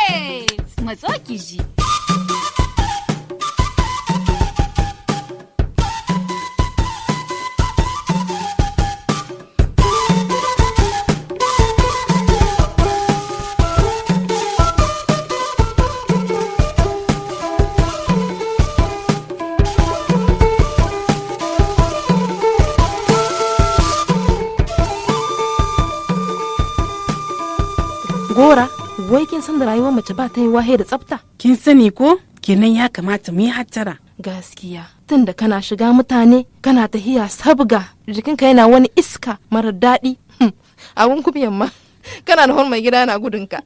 Hey! gora wai kin san da rayuwar mace ba ta yi wahe da tsafta kin sani ko kenan ya kamata mu yi hattara gaskiya tunda kana shiga mutane kana ta tahiya sabga jikinka yana wani iska mara daɗi hmm. abun kubiyan ma kana da mai gida na gudunka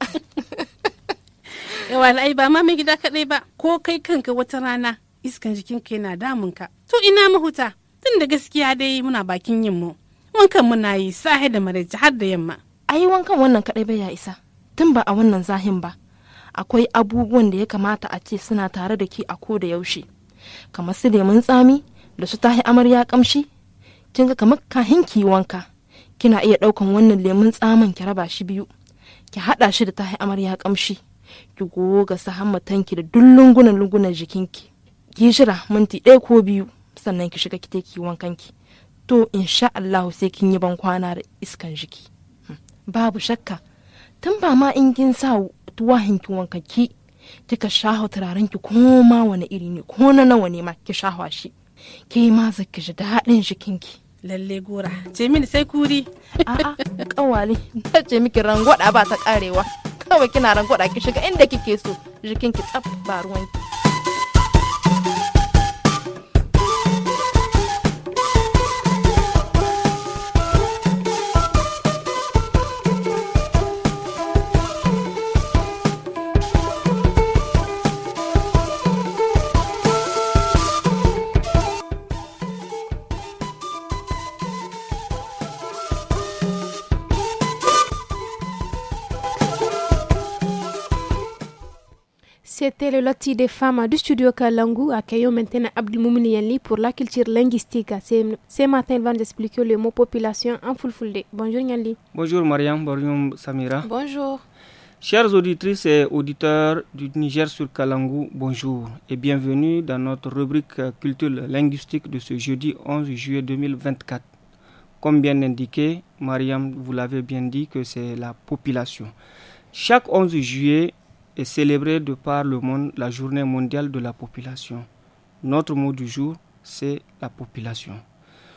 [laughs] yawa ai ba ma mai gida kaɗai ba ko kai kanka wata rana iskan jikinka yana damunka to ina mahuta tun da gaskiya dai muna bakin yin mu wankan muna yi sahi da mara har da yamma ai wankan wannan kaɗai ba ya isa tun ba a wannan zahin ba akwai abubuwan da ya kamata a ce suna tare da ki a ko da yaushe kamar su lemun tsami da su tahi amarya kamshi kin ga kamar kahin ki wanka kina iya ɗaukan wannan lemun tsamin ki raba shi biyu ki haɗa shi da tahi amarya kamshi ki goga sahan hammatanki da duk lungunan lungunan jikinki ki jira minti ɗaya ko biyu sannan ki shiga kite ki wankanki to insha Allah sai kin yi ban kwana da iskan jiki hmm. babu shakka tun ba ma in kin sa tuwahin ki wankaki kika shaho turaren ki ko ma wani iri ne ko na nawa ne ma ki shaho shi ke ma zaki ji daɗin jikin ki lalle gora ce mini sai kuri a'a kawale ta ce miki rangwada ba ta karewa kawai kina rangwada ki shiga inda kike so jikin ki tsaf ba ruwan ki C'était le loti des femmes du studio Kalangu. Accueillons maintenant Abdelmoumouni Yali pour la culture linguistique. Ce matin, il va nous expliquer le mot population en fulfulde. Bonjour Yali. Bonjour Mariam, bonjour Samira. Bonjour. Chers auditrices et auditeurs du Niger sur Kalangu, bonjour et bienvenue dans notre rubrique culture linguistique de ce jeudi 11 juillet 2024. Comme bien indiqué, Mariam, vous l'avez bien dit que c'est la population. Chaque 11 juillet, est célébrée de par le monde la journée mondiale de la population. Notre mot du jour, c'est la population.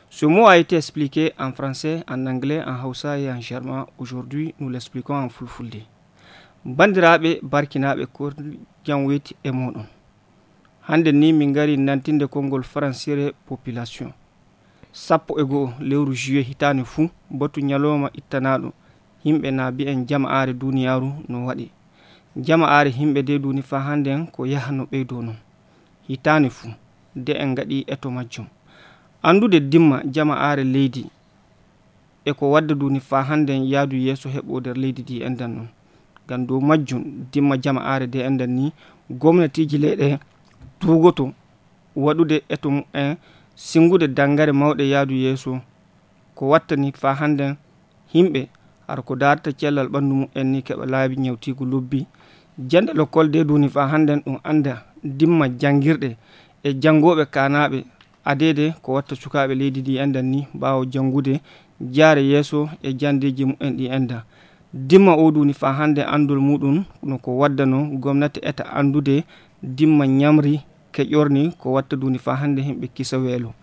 Ce mot a été expliqué en français, en anglais, en hausa et en germain. Aujourd'hui, nous l'expliquons en fulfulde. Bandirabe barkinabe, kordijan weti et monon. hande ni mingari nantin de kongol françire population Sapo ego, leur lewru hitane hitande botu nyaloma ñalowma him yimɓe jama'are no wadi. jama aari himɓe de duni fa handen ko yahano ɓeydo non hitani fuu de en gaɗi eto majjum andude dimma jama aare leydi e ko wadda duni fa handen yahdu yeeso heɓo nder leydi ndi enden non gam dow majjum dimma jama aare de enden ni gomnatiji leyɗe tugoto waɗude eto mumen singude dangare mawɗe yahdu yeeso ko wattani fa handen himɓe ar ko darta cellal ɓandu mumen ni keɓa laabi ñewtigu lobbi jande lokkol de duni fa hannden ɗum annda dimma janngirɗe e janngoɓe kanaɓe adede ko watta cukaɓe leydi ɗi endan ni ɓawo janngude jaare yeeso e janndeji mumen ɗi enda dimma o duni fa hannde anndol muɗum no ko waddano gomnati eta anndude dimma ñamri keƴorni ko watta duni fa hannde himɓe kisa weelo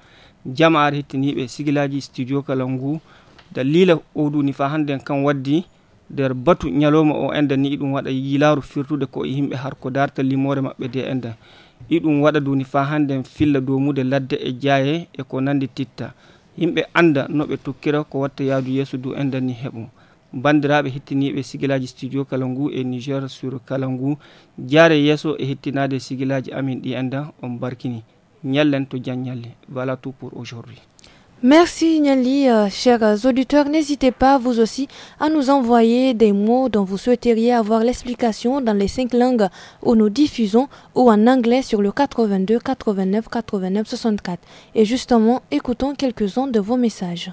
jama are hettiniɓe sigilaji studio kala ngu dalila o duni fa hannde kan waddi nder batu ñalowma o enda ni iɗum waɗa yilaaru firtude ko e yimɓe har limore maɓɓe de enda iɗum waɗa duni fa hannden filla domude ladde e jaaye e ko nandi titta yimɓe anda no ɓe tokkira ko watta yaadu yeeso du enden ni heɓum bandiraɓe hettiniɓe sigilaji studio kala e niger sur kala jare yeso e hettinade sigilaji amin ɗi enda on barkini ñallen to jan voilà tout pour aujourd'hui Merci Nelly, euh, chers auditeurs, n'hésitez pas vous aussi à nous envoyer des mots dont vous souhaiteriez avoir l'explication dans les cinq langues où nous diffusons ou en anglais sur le 82 89 89 64. Et justement, écoutons quelques-uns de vos messages.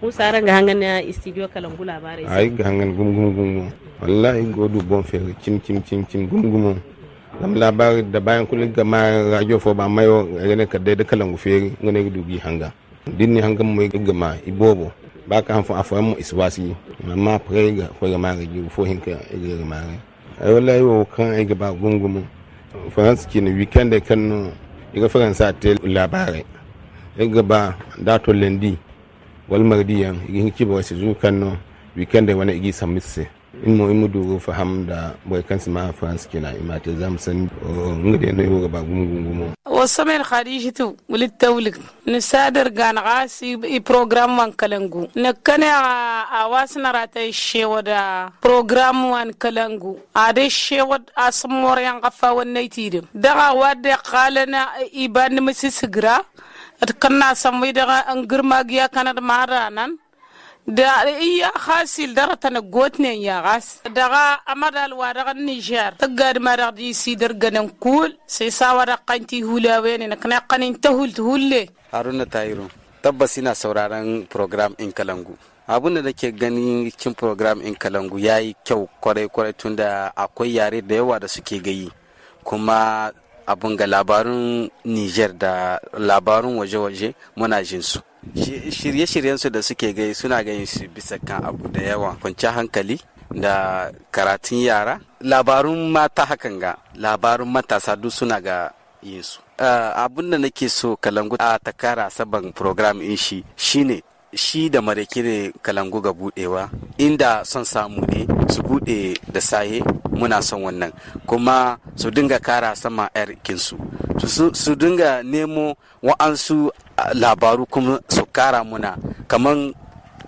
kusara ga hangan ya studio kalangu labarai ai ga hangan gum gum gum wallahi godu bon fe cim cim cim cim gum gum dam labar da bayan kulin ga radio fo ba mayo ne ka dai da kalangu fe ngone dugi hanga din ni hanga mo ga ibobo ba ka hanfo afo mo iswasi ma pre ga ko ga fo hin ka e ga ma wallahi wo kan ai e ga gum gum france ki ne weekend e kan no iga faransa te labarai ga ba dato lendi wal mardiyan igin kiba wasu ju kanno weekend wani igi samisse in mo imu dugo faham da boy kan ma france kina imate zam san oh, ngade no yoga ba gumu gumu wa samel khadijatu wal tawlik ni sadar gan gasi i program wan kalangu ne kane a na rata shewa da program wan kalangu a de shewa asmor yan gafa wannan tidin daga wadda qalana iban misisigra at kanna samai daga an girma giya kanar mara nan da iya hasil dara tana gotnen ya gas daga amadal wa daga niger tagad daga di sidar ganin kul sai sawa da kanti hulawe ne na kana kanin ta hulle haruna tayiro tabbas ina sauraron program in kalangu abin da nake ganin cikin program in kalangu ya yi kyau kwarai kwarai tunda akwai yare da yawa da suke gayi kuma abin ga labarun niger da labarun waje-waje muna jin su shirye-shiryensu da suke gai suna ganin su bisa kan abu da yawa kwanci hankali da karatun yara labarun mata hakan ga labarun matasa duk suna ga yin su eh, abin da nake so kalangu a takara saban program in shi shine shi da mareke ne kalangu ga budewa inda son samu ne su bude da saye muna son wannan kuma su dinga kara sama yar kinsu su dinga nemo wa'ansu labaru kuma su kara muna kamar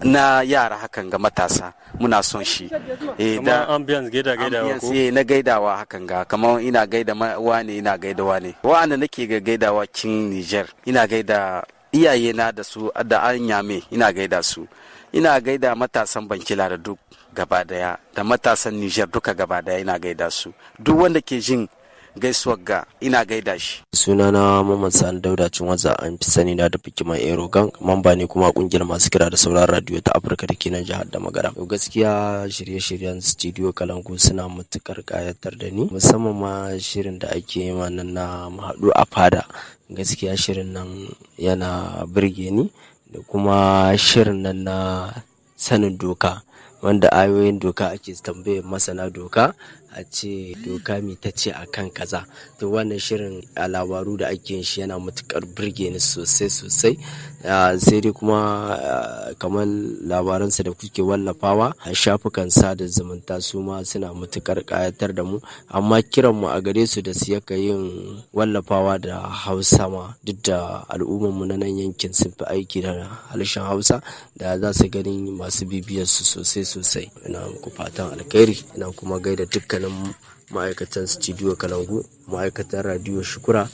na yara hakan ga matasa muna son shi eh da ambiance gaida gaidawa ko eh na gaidawa hakan ga kamar ina gaida wa ne ina gaidawa ne wa'anda nake ga gaidawa kin Niger ina gaida iyayena da su da an yame ina gaida su ina gaida matasan bankila da duk gaba daya da matasan nijar duka gaba daya ina gaida su duk wanda ke jin gaisuwar ga ina gaida shi. sunana mamman sa'an dauda cin waza an fi sani na da mai erogan mamba ne kuma kungiyar masu kira da sauran radio ta afirka da ke nan jihar da magara gaskiya shirye-shiryen studio kalangu suna matukar kayatar da ni musamman ma shirin da ake yi nan na haɗu a fada Gaskiya shirin nan yana birge ni da kuma shirin nan na sanin doka wanda ayoyin doka ake tambayan masana doka. a ce doka mai ta ce a kan kaza to wannan shirin a labaru da ake shi yana matukar birge ni sosai sosai sai dai kuma kamar labaransa da kuke wallafawa a shafukan sada zumunta su ma suna matukar kayatar da mu amma kiran mu a gare su da su yaka yin wallafawa da hausa ma duk da al'ummar mu na nan yankin sun fi aiki da harshen hausa da za su ganin masu bibiyar su sosai sosai ina ku fatan alkhairi ina kuma gaida dukkan ganin ma'aikatan studio kalangu ma'aikatan radiyo shukura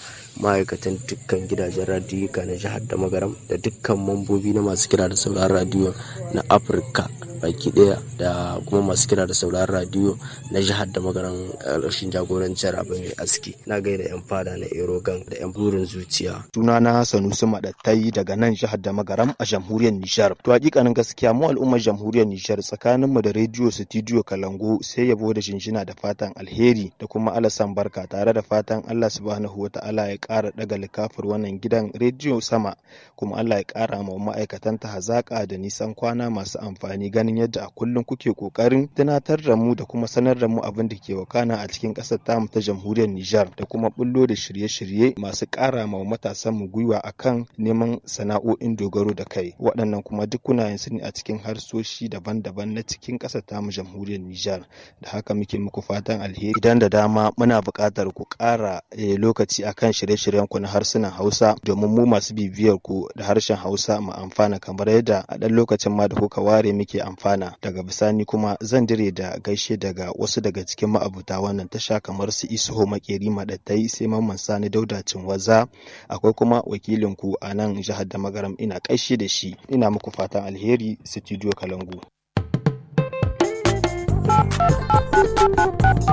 ma'aikatan dukkan gidajen radiyuka na jihar da magaram da dukkan mambobi na masu kira da sauran radiyo na afirka baki daya da kuma masu kira da sauran radiyo na jihar da magaran eh, rashin jagorancin rabin mai aski na gaida yan fada na erogan da yan burin zuciya suna na sanusi madattai daga nan jihar da magaram a jamhuriyar nijar to hakikanin gaskiya mu al'ummar jamhuriyar nijar tsakanin mu da rediyo studio kalango sai yabo da shinshina da fatan alheri da kuma alasan barka tare da da fatan Allah subhanahu wa ta'ala ya ƙara daga likafar wannan gidan rediyo sama kuma Allah ya ƙara ma ma'aikatan ta hazaƙa da nisan kwana masu amfani ganin yadda a kullum kuke ƙoƙarin tunatar da mu da kuma sanar da mu abin da ke wakana a cikin ƙasar tamu ta jamhuriyar Nijar da kuma bullo da shirye-shirye masu ƙara ma matasan mu gwiwa akan neman sana'o'in dogaro da kai waɗannan kuma duk kuna yin su ne a cikin harsoshi daban-daban na cikin ƙasar tamu jamhuriyar Nijar da haka muke muku fatan alheri idan da dama muna buƙatar ku ƙara eh, lokaci a kan shirye-shiryen ku na harsunan Hausa domin mu masu bibiyar ku da harshen Hausa mu amfana kamar yadda a ɗan lokacin ma da kuka ware muke amfana. Daga bisani kuma zan dire da gaishe daga wasu daga cikin ma'abuta wannan tasha kamar su Isuho Makeri Madattai sai Mamman Sani Daudacin Waza akwai kuma wakilin ku a nan jihar da Magaram ina kaishe da shi ina muku fatan alheri studio Kalangu.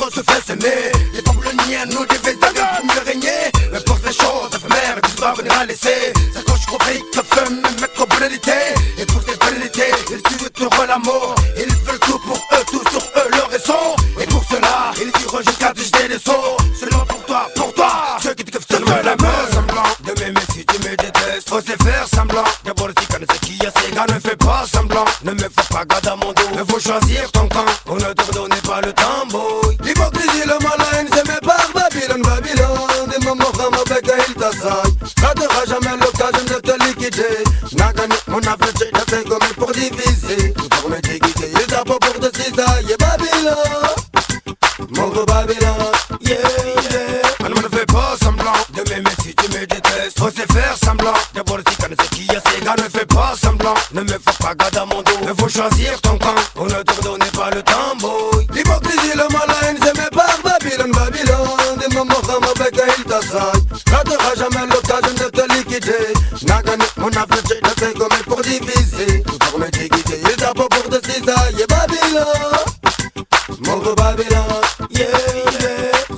On se fait s'aimer. Les le nous nous divisent pour mieux régner. Mais pour ces choses éphémères, le pouvoir venir à laisser. Ça coche trop vite, que feu, me mettre en Et pour tes d'été ils tuent toujours la l'amour Ils veulent tout pour eux, tout sur eux, leur raison. Et pour cela, ils tirent jusqu'à déjeter les sauts. Seulement pour toi, pour toi, ceux qui te kiffent seulement la Semblant de m'aimer si tu me détestes, faut se faire semblant. D'abord, tu connais qu'il qui a ces gars, ne fais pas semblant. Ne me fais pas garde à mon dos, mais faut choisir ton camp. On ne te redonnait pas le tambour. On a commis de la comme pour diviser Tout pour me déguiser Et d'abord pour de et Babylone Mon gros Babylone Yeah, yeah Elle me fait pas semblant De m'aimer si tu me détestes Faut se faire semblant D'abord si connais ce qui a ces gars Ne fais pas semblant Ne me fais pas garder à mon dos Ne faut choisir ton camp On ne te donner pas le temps, L'hypocrisie, le malin, la haine, c'est mes par Babylone, Babylone Des moments comme avec un Tu jamais l'occasion de te liquider N'a gagné mon appétit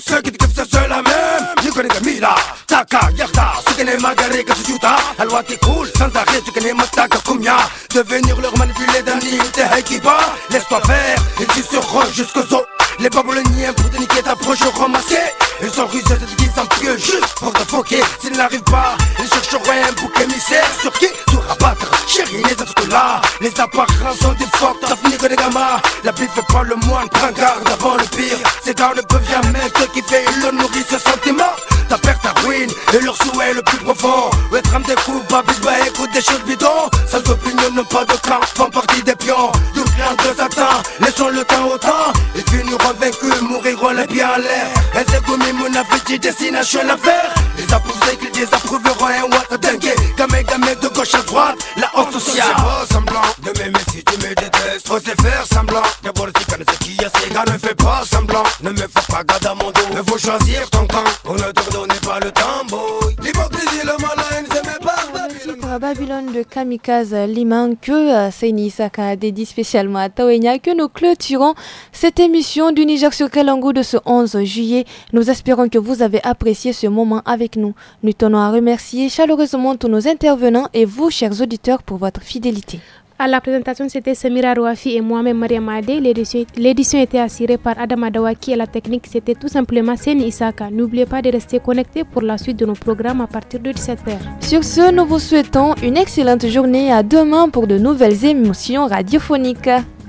Ceux qui te kiffent, c'est la même. Je connais Gamila, Taka, Yarda. Ceux qui n'aiment Magaré, que La loi qui coule sans arrêt, ceux qui n'aiment Taka, Kumya. Devenir leur manipulé d'un l'île qui Haïkiba, Laisse-toi faire, et tu sur jusqu'au os. Les Babyloniens, pour te niquer, t'approches au ramassé. Ils te rusés, juste pour te foquer S'il n'arrive pas, ils cherche un bouc émissaire Sur qui te rabattre Chérie, les autres là Les apparences sont des fortes, que des gamins La Bible fait pas le moine, prends garde avant le pire Ces dans ne peuvent jamais te qui fait le nourrit ce sentiment T'as perdu et leur souhait le plus profond. Le tram coups, babis, bah écoute des choses bidons. Sales opinions n'ont pas de plan font partie des pions. nous clair de Satan, laissons le temps au temps. Et tu nous vaincus, mouriront les pieds à l'air. Elle s'est gommé mon appétit, destination à faire. Les approuveront, qui désapprouveront un what dingue. Gamé, gamé de gauche à droite, la honte sociale. pas semblant de m'aimer si tu me détestes. se faire semblant d'abord tu connais ce qui y a. Ces gars ne fais pas semblant, ne me fais pas garde à mon dos. Ne faut choisir ton camp, on ne te redonnez pas le le le c'est mes la Babylone de Kamikaze Liman que euh, Seini a dédié spécialement à Tawenya que nous clôturons cette émission du Niger sur Kalangu de ce 11 juillet. Nous espérons que vous avez apprécié ce moment avec nous. Nous tenons à remercier chaleureusement tous nos intervenants et vous, chers auditeurs, pour votre fidélité. À la présentation, c'était Samira Rouafi et moi-même Maria L'édition était assurée par Adam Adawaki et la technique, c'était tout simplement Sen Isaka. N'oubliez pas de rester connecté pour la suite de nos programmes à partir de 17h. Sur ce, nous vous souhaitons une excellente journée à demain pour de nouvelles émotions radiophoniques.